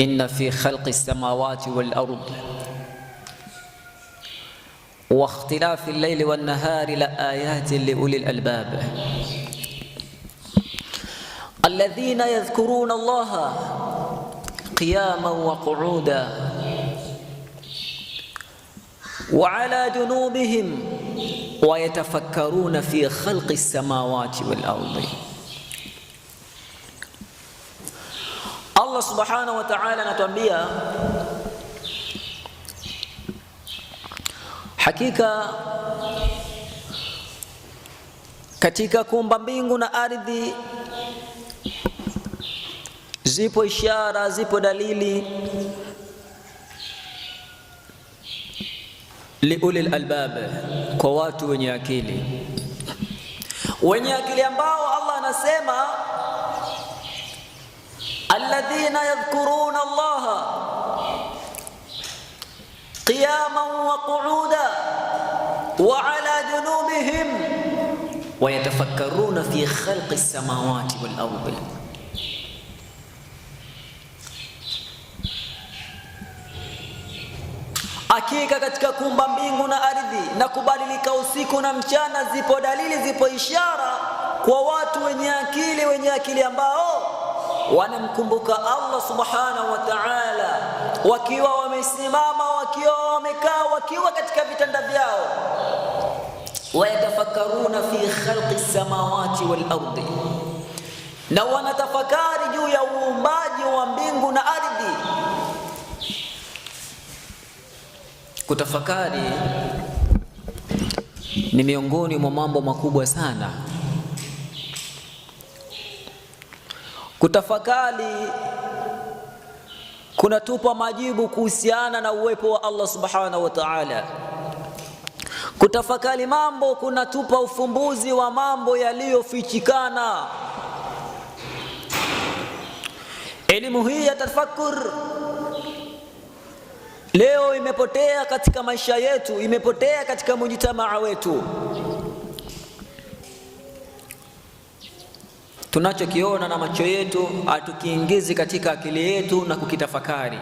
إن في خلق السماوات والأرض واختلاف الليل والنهار لآيات لأولي الألباب الذين يذكرون الله قياما وقعودا وعلى جنوبهم ويتفكرون في خلق السماوات والأرض Allah subhanahu wa ta'ala anatuambia hakika katika kuumba mbingu na ardhi zipo ishara, zipo dalili liuli albab, kwa watu wenye akili, wenye akili ambao Allah anasema alladhina yadhkuruna Allaha qiyaman wa qu'uda wa 'ala junubihim wa yatafakkaruna fi khalqi samawati wal ardi Hakika katika kumba mbingu na ardhi na kubadilika usiku na mchana, zipo dalili, zipo ishara kwa watu wenye akili, wenye akili ambao wanamkumbuka Allah subhanahu wa ta'ala, wakiwa wamesimama, wakiwa wamekaa, wakiwa katika vitanda vyao, wayatafakkaruna fi khalqi samawati wal ardi, na wanatafakari juu ya uumbaji wa mbingu na ardhi. Kutafakari ni miongoni mwa mambo makubwa sana Kutafakari kunatupa majibu kuhusiana na uwepo wa Allah subhanahu wa ta'ala. Kutafakari mambo kunatupa ufumbuzi wa mambo yaliyofichikana. Elimu hii ya tafakkur leo imepotea katika maisha yetu, imepotea katika mujitamaa wetu. tunachokiona na macho yetu hatukiingizi katika akili yetu na kukitafakari.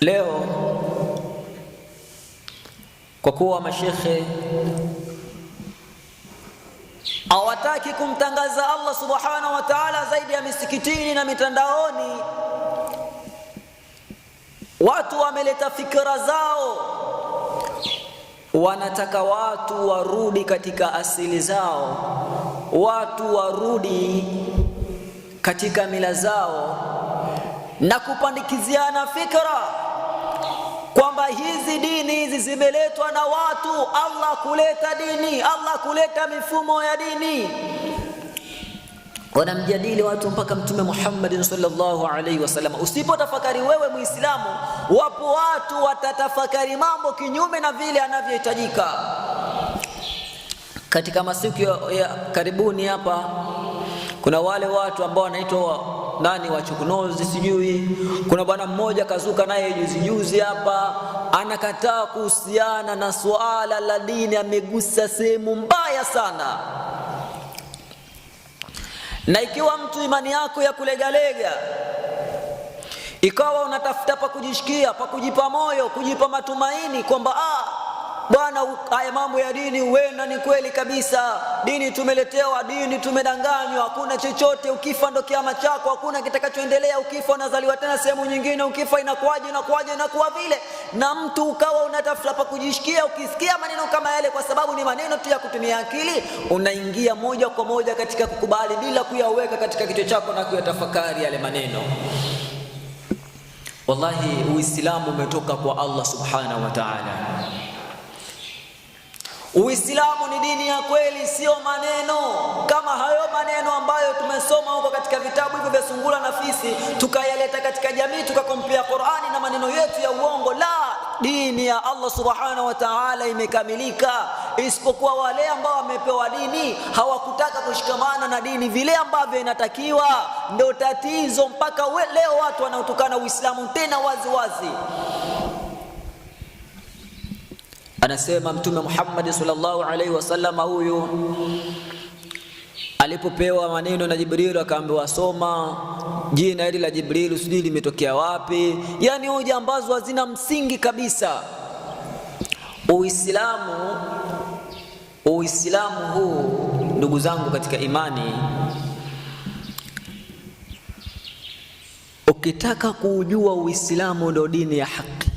Leo kwa kuwa mashekhe hawataki kumtangaza Allah subhanahu wa ta'ala zaidi ya misikitini na mitandaoni, watu wameleta fikra zao wanataka watu warudi katika asili zao, watu warudi katika mila zao na kupandikiziana fikra kwamba hizi dini hizi zimeletwa na watu. Allah kuleta dini, Allah kuleta mifumo ya dini wanamjadili watu mpaka Mtume Muhammad sallallahu alaihi wasallam. Usipotafakari wewe Muislamu, wapo watu watatafakari mambo kinyume na vile anavyohitajika. Katika masiku ya karibuni hapa kuna wale watu ambao wanaitwa nani wachukunozi, sijui. Kuna bwana mmoja kazuka naye juzi juzi hapa, anakataa kuhusiana na suala la dini, amegusa sehemu mbaya sana na ikiwa mtu imani yako ya kulegalega ikawa unatafuta pa kujishikia, pa kujipa moyo, kujipa matumaini kwamba ah, bwana, haya mambo ya dini huenda ni kweli kabisa, dini tumeletewa, dini tumedanganywa, hakuna chochote, ukifa ndo kiama chako, hakuna kitakachoendelea, ukifa unazaliwa tena sehemu nyingine, ukifa inakuwaje, inakuwaje, inakuwa vile na mtu ukawa unatafuta pa kujishikia. Ukisikia maneno kama yale, kwa sababu ni maneno tu ya kutumia akili, unaingia moja kwa moja katika kukubali bila kuyaweka katika kichwa chako na kuyatafakari yale maneno. Wallahi, Uislamu umetoka kwa Allah subhanahu wa ta'ala. Uislamu ni dini ya kweli, sio maneno kama hayo maneno ambayo tumesoma huko katika vitabu hivyo vya sungura na fisi, tukayaleta katika jamii tukakompea Qur'ani na maneno yetu ya uongo. La dini ya Allah subhanahu wa ta'ala imekamilika, isipokuwa wale ambao wamepewa dini hawakutaka kushikamana na dini vile ambavyo inatakiwa. Ndio tatizo mpaka we, leo watu wanaotukana Uislamu tena wazi wazi. Anasema Mtume Muhammad sallallahu alaihi wasallam, huyu alipopewa maneno na Jibril akaambiwa soma jina hili la Jibril, sijui limetokea wapi. yani hoja ambazo hazina msingi kabisa. Uislamu, Uislamu huu ndugu zangu katika imani, ukitaka kuujua Uislamu ndio dini ya haki,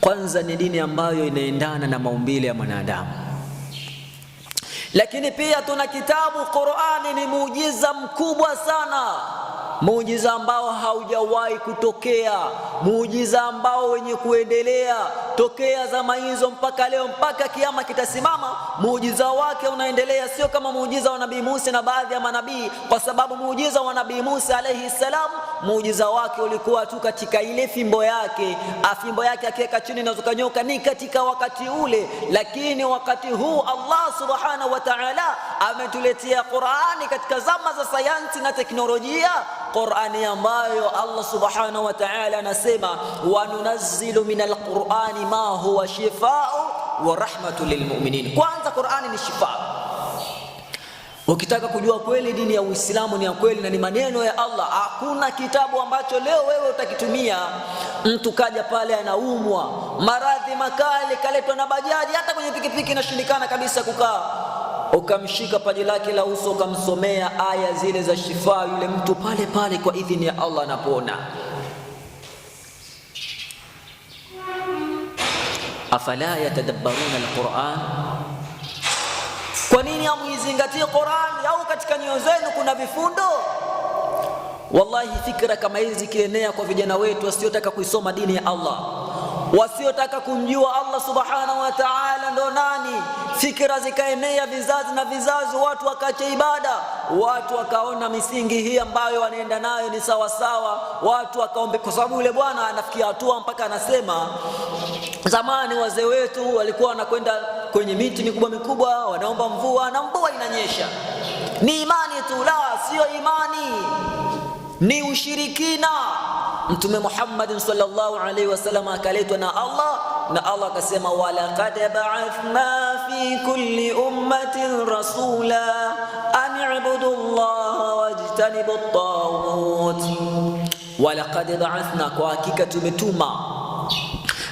kwanza ni dini ambayo inaendana na maumbile ya mwanadamu lakini pia tuna kitabu Qur'ani, ni muujiza mkubwa sana, muujiza ambao haujawahi kutokea, muujiza ambao wenye kuendelea tokea zama hizo mpaka leo, mpaka kiama kitasimama, muujiza wake unaendelea, sio kama muujiza wa nabii Musa na baadhi ya manabii, kwa sababu muujiza wa nabii Musa alayhi salam, muujiza wake ulikuwa tu katika ile fimbo yake, afimbo ah, yake akiweka chini na zukanyoka, ni katika wakati ule. Lakini wakati huu Allah subhanahu wa ta'ala ametuletea Qur'ani katika zama za sayansi na teknolojia, Qur'ani ambayo Allah subhanahu wa ta'ala anasema, wa nunazzilu minal Qur'ani ma huwa shifau wa rahmatu lilmuminin. Kwanza Qurani ni shifa. Ukitaka kujua kweli dini ya Uislamu ni ya kweli na ni maneno ya Allah, hakuna kitabu ambacho leo wewe utakitumia. Mtu kaja pale anaumwa maradhi makali, kaletwa na bajaji, hata kwenye pikipiki inashindikana kabisa kukaa ukamshika paji lake la uso ukamsomea aya zile za shifa, yule mtu pale pale kwa idhini ya Allah anapona. afala yatadabbaruna alquran, kwa nini hamuizingatie Qurani? Au katika nyoyo zenu kuna vifundo? Wallahi, fikra kama hizi zikienea kwa vijana wetu wasiotaka kuisoma dini ya Allah wasiotaka kumjua Allah subhanahu wa ta'ala ndo nani, fikra zikaenea vizazi na vizazi, watu wakaacha ibada, watu wakaona misingi hii ambayo wanaenda nayo ni sawasawa, watu wakaombe, kwa sababu yule bwana anafikia hatua mpaka anasema Zamani wazee wetu walikuwa wanakwenda kwenye miti mikubwa mikubwa, wanaomba mvua na mvua inanyesha. Ni imani tu? La, siyo imani, ni ushirikina. Mtume Muhammad sallallahu alaihi wasallam akaletwa na Allah na Allah akasema, walaqad ba'athna fi kulli ummatin rasula an ibudu llaha wajtanibu at-taghut. Walaqad ba'athna, kwa hakika tumetuma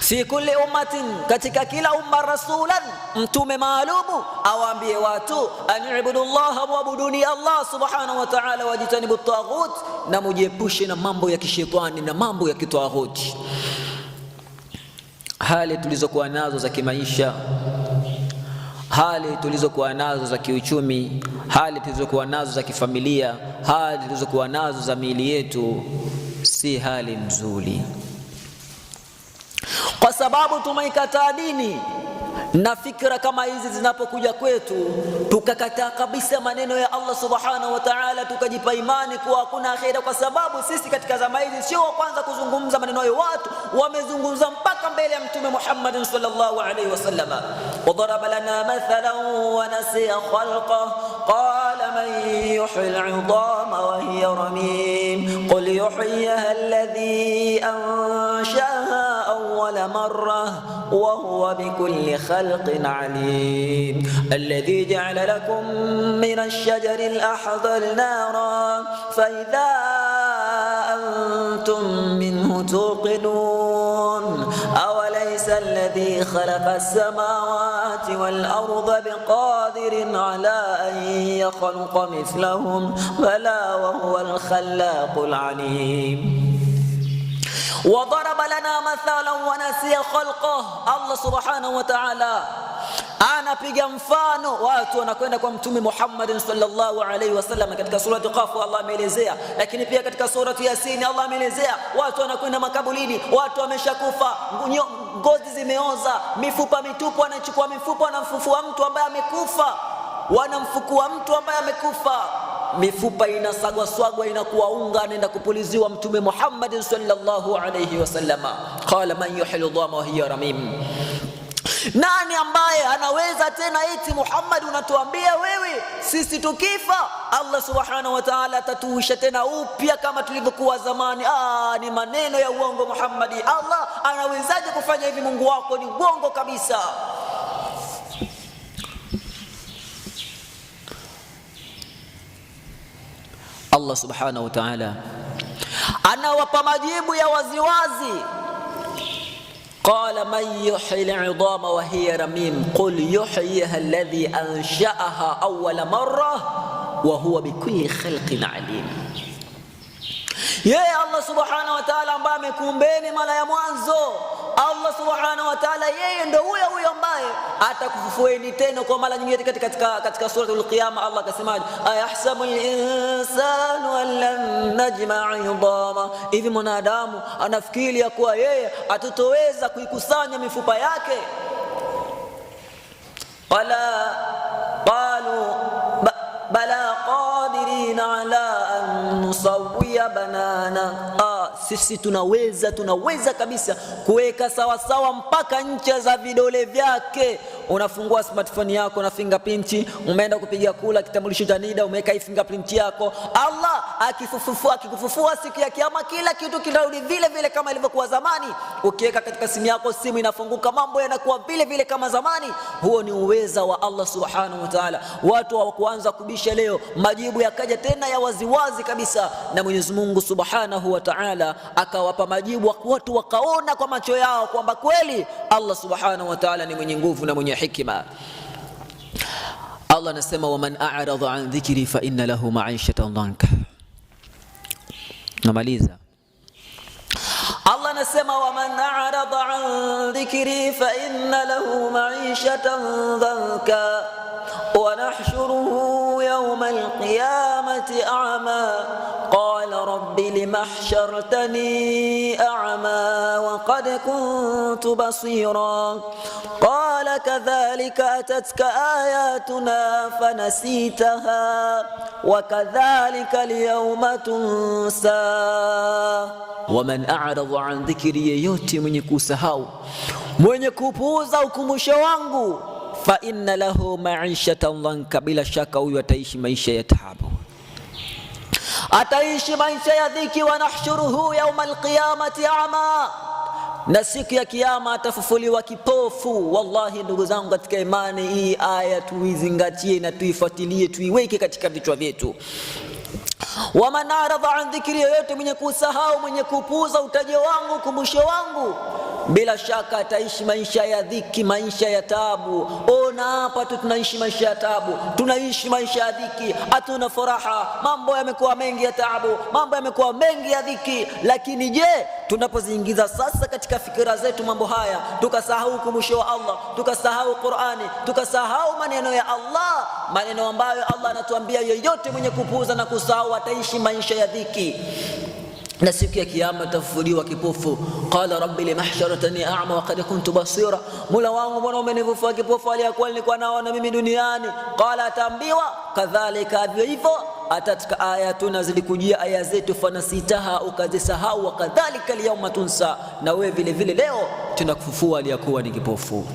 fi kulli ummatin, katika kila umma, rasulan, mtume maalumu awaambie watu anibudu llaha, mwabuduni Allah subhanahu wa ta'ala, wajitanibu taghut, na mujiepushe na mambo ya kishetani na mambo ya kitaghuti. Hali tulizokuwa nazo za kimaisha, hali tulizokuwa nazo za kiuchumi, hali tulizokuwa nazo za kifamilia, hali tulizokuwa nazo za miili yetu si hali nzuri. kwa sababu tumeikataa dini na fikra kama hizi zinapokuja kwetu tukakataa kabisa maneno ya Allah subhanahu wa ta'ala, tukajipa imani kuwa hakuna akhira, kwa sababu sisi katika zama hizi sio wa kwanza kuzungumza maneno hayo. Watu wamezungumza mpaka mbele ya Mtume Muhammad sallallahu alaihi wasallam. wadharaba lana mathalan wa nasiya khalqa qala man yuhyi al-'idama wa hiya ramim qul yuhyiha alladhi an أول مرة وهو بكل خلق عليم الذي جعل لكم من الشجر الأحضر نارا فإذا أنتم منه توقدون أوليس الذي خلق السماوات والأرض بقادر على أن يخلق مثلهم بلى وهو الخلاق العليم wa daraba lana mathalan wa nasiya khalqah. Allah subhanahu wa ta'ala anapiga mfano watu wanakwenda kwa mtume Muhammad sallallahu alaihi wasallam. Katika surati Qaf Allah ameelezea, lakini pia katika surati Yasin Allah ameelezea watu wanakwenda makaburini, watu wameshakufa, ngozi zimeoza, mifupa mitupu, anachukua mifupa, wanamfufua mtu ambaye amekufa, wanamfukua mtu ambaye amekufa mifupa inasagwaswagwa inakuwa unga, anaenda kupuliziwa Mtume Muhammad sallallahu alayhi wasallam. qala man yuhil dhama hiya ramim nani ambaye anaweza tena eti Muhammad, unatuambia wewe, sisi tukifa Allah subhanahu wa ta'ala atatuisha tena upya kama tulivyokuwa zamani? Ah, ni maneno ya uongo Muhammadi. Allah anawezaje kufanya hivi? Mungu wako ni uongo kabisa. Allah subhanahu wa ta'ala anawapa majibu ya waziwazi qala man yuhyi al'idama wa hiya ramim qul yuhyiha alladhi ansha'aha awwala marra wa huwa bikulli khalqin alim yeye Allah subhanahu wa ta'ala ambaye amekuumbeni mara ya mwanzo Allah subhanahu wa ta'ala, yeye ndo huyo huyo ambaye atakufufueni tena kwa mara nyingine. Katika katika, katika suratul Qiyama Allah akasemaje? ayahsabu linsanu an lam najma'a idama, hivi mwanadamu anafikiri ya kuwa yeye atotoweza kuikusanya mifupa yake? Wala qalu bala qadirina ala an nusawwiya banana ah, sisi tunaweza, tunaweza kabisa kuweka sawasawa mpaka ncha za vidole vyake unafungua smartphone yako na fingerprint, umeenda kupiga kula kitambulisho cha NIDA, umeweka hii fingerprint yako. Allah akifufufua akikufufua siku ya Kiyama, kila kitu kitarudi vile vile kama ilivyokuwa zamani. Ukiweka katika simu yako, simu inafunguka, mambo yanakuwa vile vile kama zamani. Huo ni uweza wa Allah subhanahu wa ta'ala. Watu hawakuanza kubisha leo, majibu yakaja tena ya waziwazi wazi kabisa, na Mwenyezi Mungu subhanahu wa ta'ala akawapa majibu watu, wakaona kwa macho yao kwamba kweli Allah subhanahu wa ta'ala ni mwenye nguvu na mwenye hikima. Allah anasema waman a'rada an dhikri fa inna lahu ma'ishatan dhanka. Namaliza. Allah anasema waman a'rada an dhikri fa inna lahu ma'ishatan dhanka wa nahshuruhu yawma al-qiyamati a'ma qala رب لم احشرتني اعمى وقد كنت بصيرا قال كذلك اتتك اياتنا فنسيتها وكذلك اليوم تنسى ومن اعرض عن ذكري يوتي من يكوسهاو من يكوبوزاكم شوانغو فان له معيشه ضنكا بلا شك ويتعيش معيشه يتعبه ataishi maisha ya dhiki, wanahshuruhu yauma alqiyamati ama, na siku ya kiyama atafufuliwa kipofu. Wallahi ndugu zangu katika imani, hii aya tuizingatie na tuifuatilie, tuiweke katika vichwa vyetu man aradha an dhikri, yoyote mwenye kusahau mwenye kupuuza utajo wangu ukumbusho wangu, bila shaka ataishi maisha ya dhiki, maisha ya taabu. Ona hapa tu tunaishi maisha ya taabu, tunaishi maisha ya dhiki, hatuna furaha. Mambo yamekuwa mengi ya taabu, mambo yamekuwa mengi ya dhiki. Lakini je, tunapoziingiza sasa katika fikira zetu mambo haya, tukasahau ukumbusho wa Allah, tukasahau Qur'ani, tukasahau maneno ya Allah, maneno ambayo Allah anatuambia yeyote mwenye kupuuza na kusahau wataishi maisha ya dhiki na siku ya kiyama tafufuliwa kipofu. qala rabbi limahsharatani a'ma wa qad kuntu basira, Mola wangu mbona umenivufua kipofu aliyakuwa nilikuwa naona mimi duniani. Qala ataambiwa kadhalika, hivyo hivyo atatka ayatuna, zilikujia aya zetu, fanasitaha, ukazisahau. Wa kadhalika lyauma tunsa, na wewe vile vile leo tunakufufua aliyakuwa ni kipofu.